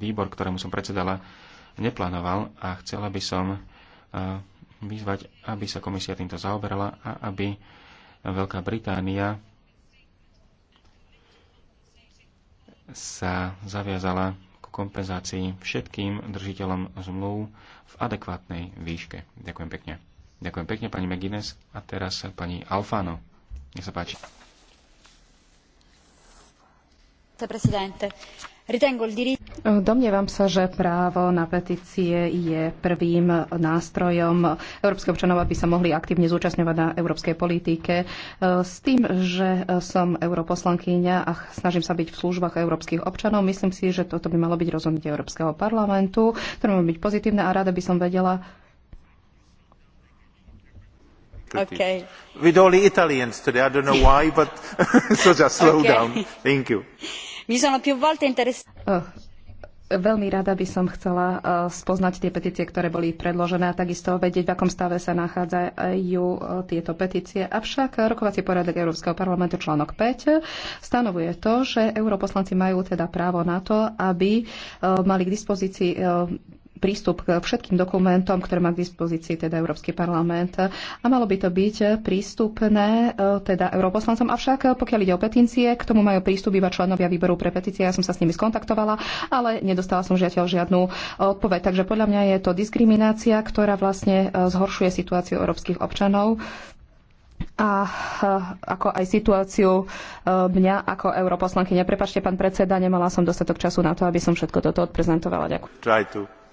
výbor, ktorému som predsedala, neplánoval a chcela by som vyzvať, aby sa komisia týmto zaoberala a aby Veľká Británia sa zaviazala k kompenzácii všetkým držiteľom zmluv v adekvátnej výške. Ďakujem pekne. Ďakujem pekne pani McGuinness a teraz pani Alfano. Nech sa páči. Presidente, ritengo il diritto Domnievam sa, že právo na petície je prvým nástrojom európskych občanov, aby sa mohli aktívne zúčastňovať na európskej politike. S tým, že som europoslankyňa a snažím sa byť v službách európskych občanov, myslím si, že toto by malo byť rozhodnutie Európskeho parlamentu, ktoré má byť pozitívne a rada by som vedela, Okay. With all the Italians today, I don't know why, but so just slow okay. down. Thank you. Mi sono più volte Oh Veľmi rada by som chcela e, spoznať tie petície, ktoré boli predložené a takisto vedieť, v akom stave sa nachádzajú e, tieto petície. Avšak rokovací poriadok Európskeho parlamentu článok 5 stanovuje to, že europoslanci majú teda právo na to, aby e, mali k dispozícii prístup k všetkým dokumentom, ktoré má k dispozícii teda Európsky parlament. A malo by to byť prístupné e, teda europoslancom, avšak e, pokiaľ ide o petície, k tomu majú prístup iba členovia výboru pre petície. Ja som sa s nimi skontaktovala, ale nedostala som žiaľ žiadnu odpoveď. Takže podľa mňa je to diskriminácia, ktorá vlastne e, zhoršuje situáciu európskych občanov a ako aj situáciu mňa ako europoslankyňa. Prepačte, pán predseda, nemala som dostatok času na to, aby som všetko toto odprezentovala. Ďakujem.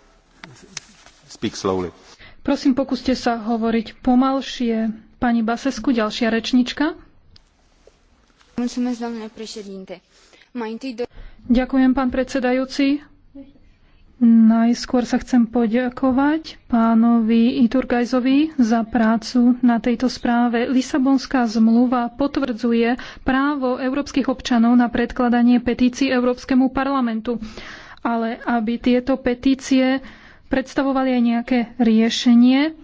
Prosím, pokúste sa hovoriť pomalšie. Pani Basescu, ďalšia rečnička. Ďakujem, pán predsedajúci. Najskôr sa chcem poďakovať pánovi Iturgajzovi za prácu na tejto správe. Lisabonská zmluva potvrdzuje právo európskych občanov na predkladanie petícií Európskemu parlamentu. Ale aby tieto petície predstavovali aj nejaké riešenie,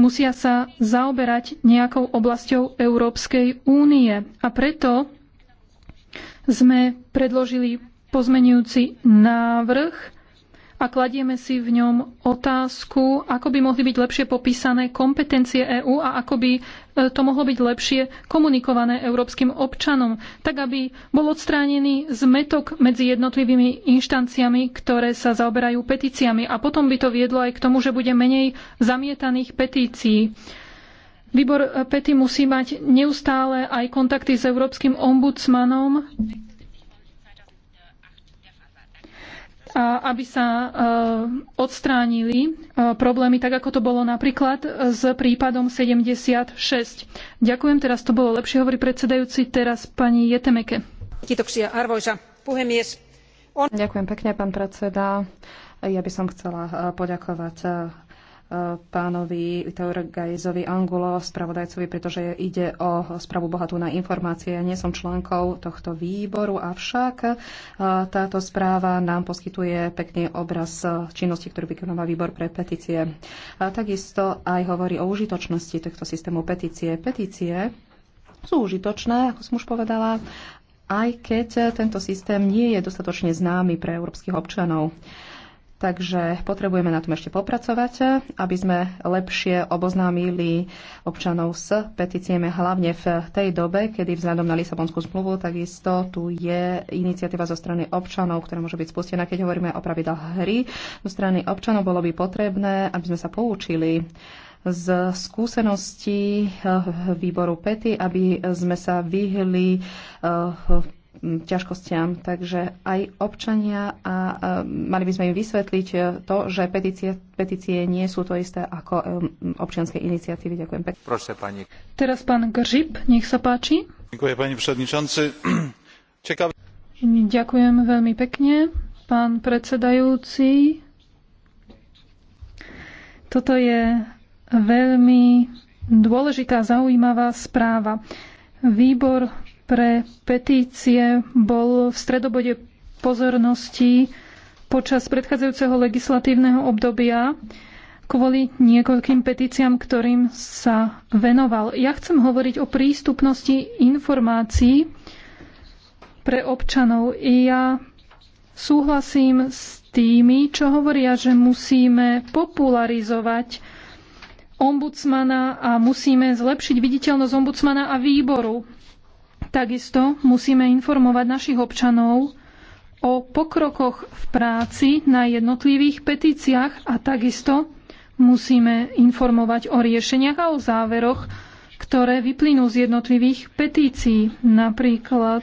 musia sa zaoberať nejakou oblasťou Európskej únie. A preto sme predložili pozmenujúci návrh, a kladieme si v ňom otázku, ako by mohli byť lepšie popísané kompetencie EÚ a ako by e, to mohlo byť lepšie komunikované európskym občanom, tak aby bol odstránený zmetok medzi jednotlivými inštanciami, ktoré sa zaoberajú petíciami. A potom by to viedlo aj k tomu, že bude menej zamietaných petícií. Výbor e, PETI musí mať neustále aj kontakty s európskym ombudsmanom aby sa eh, odstránili eh, problémy, tak ako to bolo napríklad s prípadom 76. Ďakujem, teraz to bolo lepšie, hovorí predsedajúci, teraz pani Jetemeke. Ďakujem pekne, pán predseda. Ja by som chcela eh, poďakovať pánovi Teorgajzovi Angulo, spravodajcovi, pretože ide o spravu bohatú na informácie. Ja nie som členkou tohto výboru, avšak e, táto správa nám poskytuje pekný obraz činnosti, ktorú vykonáva výbor pre petície. A takisto aj hovorí o užitočnosti tohto systému petície. Petície sú užitočné, ako som už povedala, aj keď tento systém nie je dostatočne známy pre európskych občanov. Takže potrebujeme na tom ešte popracovať, aby sme lepšie oboznámili občanov s petíciami, hlavne v tej dobe, kedy vzhľadom na Lisabonskú zmluvu takisto tu je iniciatíva zo strany občanov, ktorá môže byť spustená, keď hovoríme o pravidlách hry. Zo strany občanov bolo by potrebné, aby sme sa poučili z skúseností eh, výboru PETI, aby sme sa vyhli eh, ťažkostiam. Takže aj občania a, mali by sme im vysvetliť e, to, že petície, petície nie sú to isté ako e, občianske iniciatívy. Ďakujem pekne. Prosím, pani. Teraz pán Gržip, nech sa páči. Ďakujem, pani predsedničanci. Čekám. Ďakujem veľmi pekne, pán predsedajúci. Toto je veľmi dôležitá, zaujímavá správa. Výbor pre petície bol v stredobode pozornosti počas predchádzajúceho legislatívneho obdobia kvôli niekoľkým petíciám, ktorým sa venoval. Ja chcem hovoriť o prístupnosti informácií pre občanov. Ja súhlasím s tými, čo hovoria, že musíme popularizovať ombudsmana a musíme zlepšiť viditeľnosť ombudsmana a výboru Takisto musíme informovať našich občanov o pokrokoch v práci na jednotlivých petíciách a takisto musíme informovať o riešeniach a o záveroch, ktoré vyplynú z jednotlivých petícií. Napríklad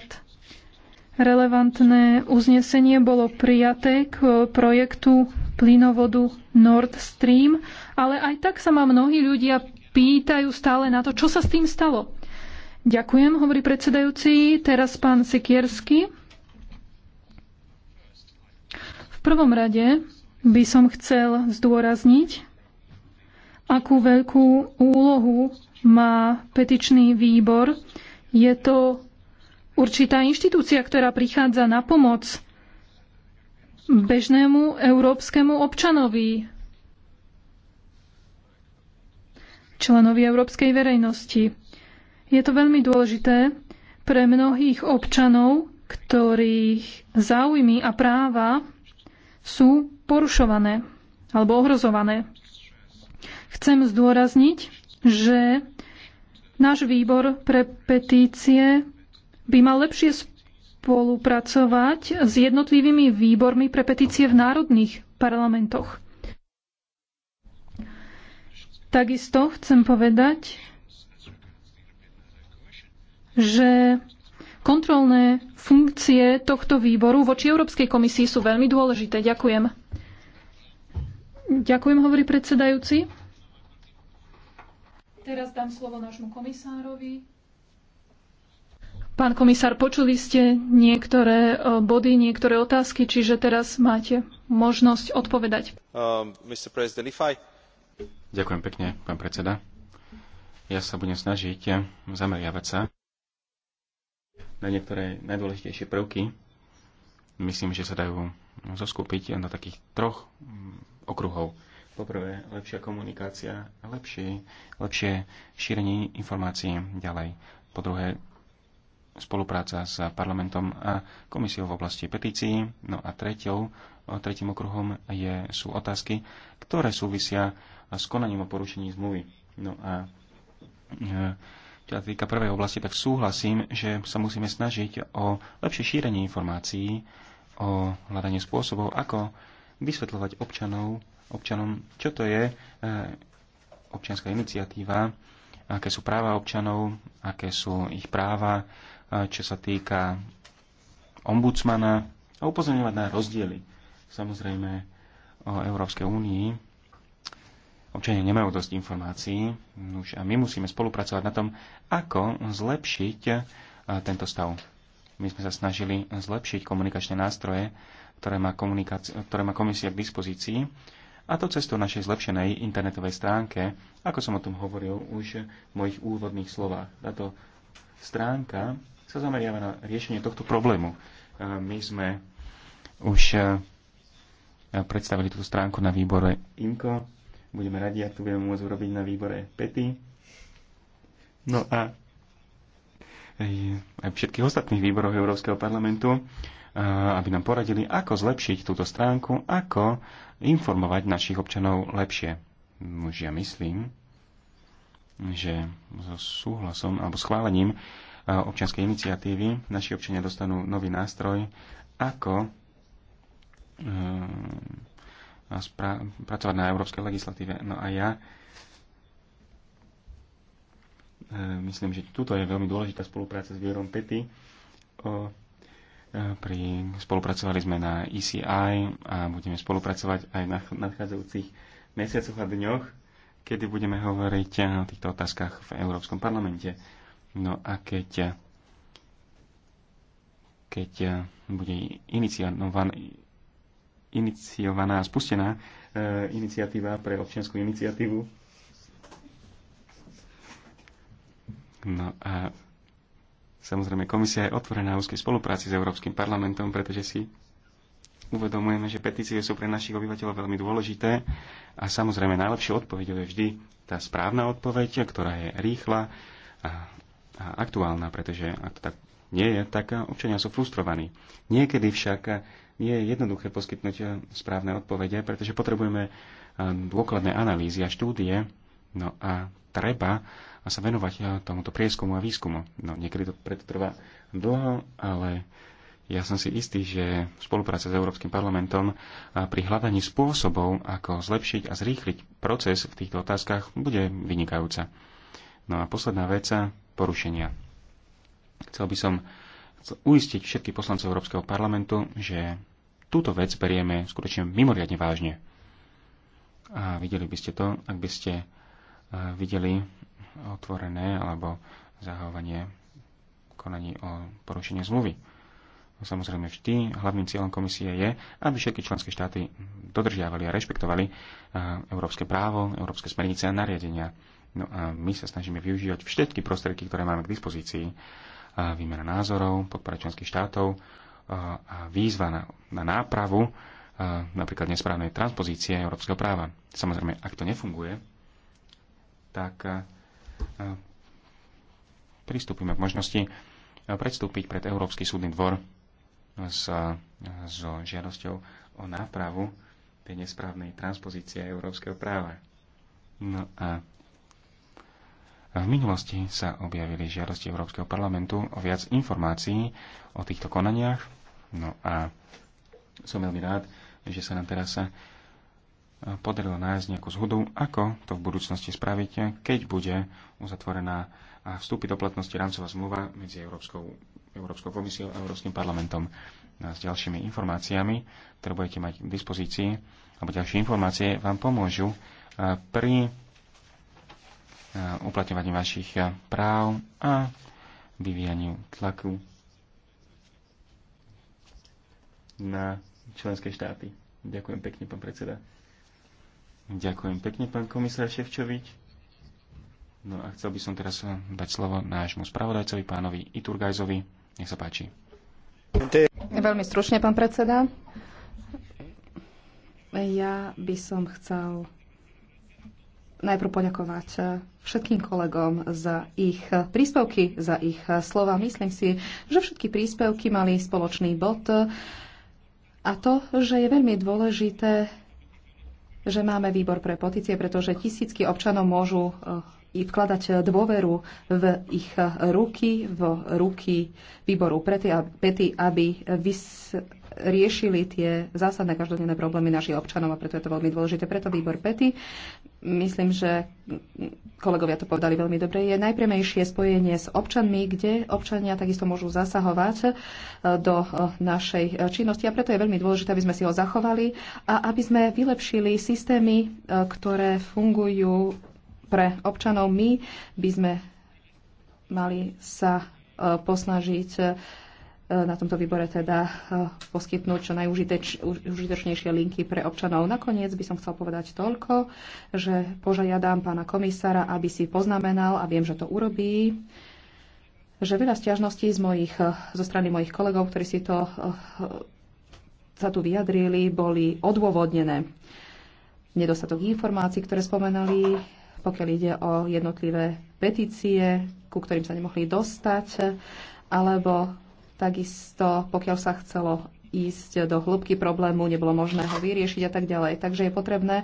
relevantné uznesenie bolo prijaté k projektu plynovodu Nord Stream, ale aj tak sa ma mnohí ľudia pýtajú stále na to, čo sa s tým stalo. Ďakujem, hovorí predsedajúci. Teraz pán Sikiersky. V prvom rade by som chcel zdôrazniť, akú veľkú úlohu má petičný výbor. Je to určitá inštitúcia, ktorá prichádza na pomoc bežnému európskemu občanovi, členovi európskej verejnosti. Je to veľmi dôležité pre mnohých občanov, ktorých záujmy a práva sú porušované alebo ohrozované. Chcem zdôrazniť, že náš výbor pre petície by mal lepšie spolupracovať s jednotlivými výbormi pre petície v národných parlamentoch. Takisto chcem povedať, že kontrolné funkcie tohto výboru voči Európskej komisii sú veľmi dôležité. Ďakujem. Ďakujem, hovorí predsedajúci. Teraz dám slovo nášmu komisárovi. Pán komisár, počuli ste niektoré e, body, niektoré otázky, čiže teraz máte možnosť odpovedať. Um, Ďakujem pekne, pán predseda. Ja sa budem snažiť zameriavať sa na niektoré najdôležitejšie prvky. Myslím, že sa dajú zoskupiť na takých troch mm, okruhov. Poprvé, lepšia komunikácia, lepšie, lepšie šírenie informácií ďalej. Po druhé, spolupráca s parlamentom a komisiou v oblasti petícií. No a treťou, tretím okruhom je, sú otázky, ktoré súvisia s konaním o porušení zmluvy. No a e, čo sa týka prvej oblasti, tak súhlasím, že sa musíme snažiť o lepšie šírenie informácií, o hľadanie spôsobov, ako vysvetľovať občanov, občanom, čo to je eh, občianská iniciatíva, aké sú práva občanov, aké sú ich práva, eh, čo sa týka ombudsmana a upozorňovať na rozdiely. Samozrejme o Európskej únii občania nemajú dosť informácií. Už a my musíme spolupracovať na tom, ako zlepšiť e, tento stav. My sme sa snažili zlepšiť komunikačné nástroje, ktoré má, ktoré má komisia k dispozícii, a to cestou našej zlepšenej internetovej stránke, ako som o tom hovoril už v mojich úvodných slovách. Táto stránka sa zameriava na riešenie tohto problému. E, my sme už e, predstavili túto stránku na výbore IMCO budeme radi, ak to budeme môcť urobiť na výbore PETI. No a aj všetkých ostatných výborov Európskeho parlamentu, aby nám poradili, ako zlepšiť túto stránku, ako informovať našich občanov lepšie. Už ja myslím, že so súhlasom alebo schválením občianskej iniciatívy naši občania dostanú nový nástroj, ako a pracovať na európskej legislatíve. No a ja e, myslím, že tuto je veľmi dôležitá spolupráca s Vierom Pety. O, e, pri, spolupracovali sme na ECI a budeme spolupracovať aj na nadchádzajúcich mesiacoch a dňoch, kedy budeme hovoriť o týchto otázkach v Európskom parlamente. No a keď, keď e, bude iniciovaný iniciovaná a spustená e, iniciatíva pre občianskú iniciatívu. No a samozrejme komisia je otvorená úzkej spolupráci s Európskym parlamentom, pretože si uvedomujeme, že petície sú pre našich obyvateľov veľmi dôležité a samozrejme najlepšou odpoveďou je vždy tá správna odpoveď, ktorá je rýchla a, a aktuálna, pretože ak to tak nie je, tak občania sú frustrovaní. Niekedy však nie je jednoduché poskytnúť správne odpovede, pretože potrebujeme eh, dôkladné analýzy a štúdie, no a treba sa venovať eh, tomuto prieskumu a výskumu. No, niekedy to preto trvá dlho, ale ja som si istý, že spolupráca s Európskym parlamentom eh, pri hľadaní spôsobov, ako zlepšiť a zrýchliť proces v týchto otázkach, bude vynikajúca. No a posledná vec, porušenia. Chcel by som uistiť všetkých poslancov Európskeho parlamentu, že túto vec berieme skutočne mimoriadne vážne. A videli by ste to, ak by ste e, videli otvorené alebo zahovanie konaní o porušenie zmluvy. Samozrejme vždy hlavným cieľom komisie je, aby všetky členské štáty dodržiavali a rešpektovali e, európske právo, európske smernice a nariadenia. No a my sa snažíme využívať všetky prostriedky, ktoré máme k dispozícii výmena názorov, podpora členských štátov a výzva na, na nápravu napríklad nesprávnej transpozície európskeho práva. Samozrejme, ak to nefunguje, tak pristúpime k možnosti predstúpiť pred Európsky súdny dvor s, so žiadosťou o nápravu tej nesprávnej transpozície európskeho práva. No a v minulosti sa objavili žiadosti Európskeho parlamentu o viac informácií o týchto konaniach. No a som veľmi rád, že sa nám teraz sa podarilo nájsť nejakú zhodu, ako to v budúcnosti spraviť, keď bude uzatvorená a vstúpi do platnosti rámcová zmluva medzi Európskou, Európskou komisiou a Európskym parlamentom. No a s ďalšími informáciami, ktoré budete mať k dispozícii, alebo ďalšie informácie vám pomôžu pri Eh, Uplatňovaniu vašich eh, práv a vyvíjaniu tlaku na členské štáty. Ďakujem pekne, pán predseda. Ďakujem pekne, pán komisár Ševčovič. No a chcel by som teraz eh, dať slovo nášmu spravodajcovi, pánovi Iturgajzovi. Nech sa páči. Veľmi stručne, pán predseda. Ja by som chcel najprv poďakovať eh, všetkým kolegom za ich príspevky, za ich eh, slova. Myslím si, že všetky príspevky mali spoločný bod eh, a to, že je veľmi dôležité, že máme výbor pre potície, pretože tisícky občanov môžu vkladať dôveru v ich ruky, v ruky výboru prety, aby riešili tie zásadné každodenné problémy našich občanov a preto je to veľmi dôležité. Preto výbor PETI, myslím, že kolegovia to povedali veľmi dobre, je najpremejšie spojenie s občanmi, kde občania takisto môžu zasahovať e, do e, našej e, činnosti a preto je veľmi dôležité, aby sme si ho zachovali a aby sme vylepšili systémy, ktoré fungujú pre občanov. My by sme mali sa posnažiť E, na tomto výbore teda e, poskytnúť čo najúžitočnejšie linky pre občanov. Nakoniec by som chcel povedať toľko, že požiadam pána komisára, aby si poznamenal, a viem, že to urobí, že veľa stiažností z mojich, e, zo strany mojich kolegov, ktorí si to sa tu vyjadrili, boli odôvodnené. Nedostatok informácií, ktoré spomenali, pokiaľ ide o jednotlivé petície, ku ktorým sa nemohli dostať, alebo Takisto, pokiaľ sa chcelo ísť do hĺbky problému, nebolo možné ho vyriešiť a tak ďalej. Takže je potrebné,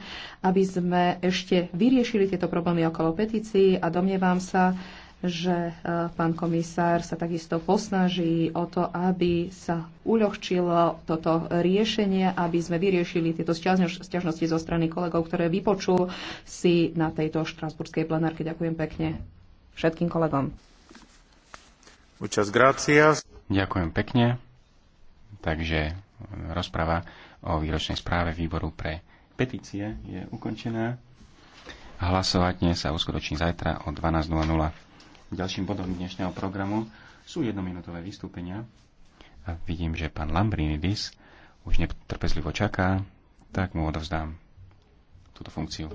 aby sme ešte vyriešili tieto problémy okolo petícií a domnievam sa, že e, pán komisár sa takisto posnaží o to, aby sa uľahčilo toto riešenie, aby sme vyriešili tieto stiažnosti zo strany kolegov, ktoré vypočul si na tejto štrasburskej plenárke. Ďakujem pekne všetkým kolegom. Muchas gracias. Ďakujem pekne. Takže rozprava o výročnej správe výboru pre petície je ukončená. Hlasovať sa uskutoční zajtra o 12.00. Ďalším bodom dnešného programu sú jednominútové vystúpenia. A vidím, že pán Lambrinidis už netrpezlivo čaká, tak mu odovzdám túto funkciu.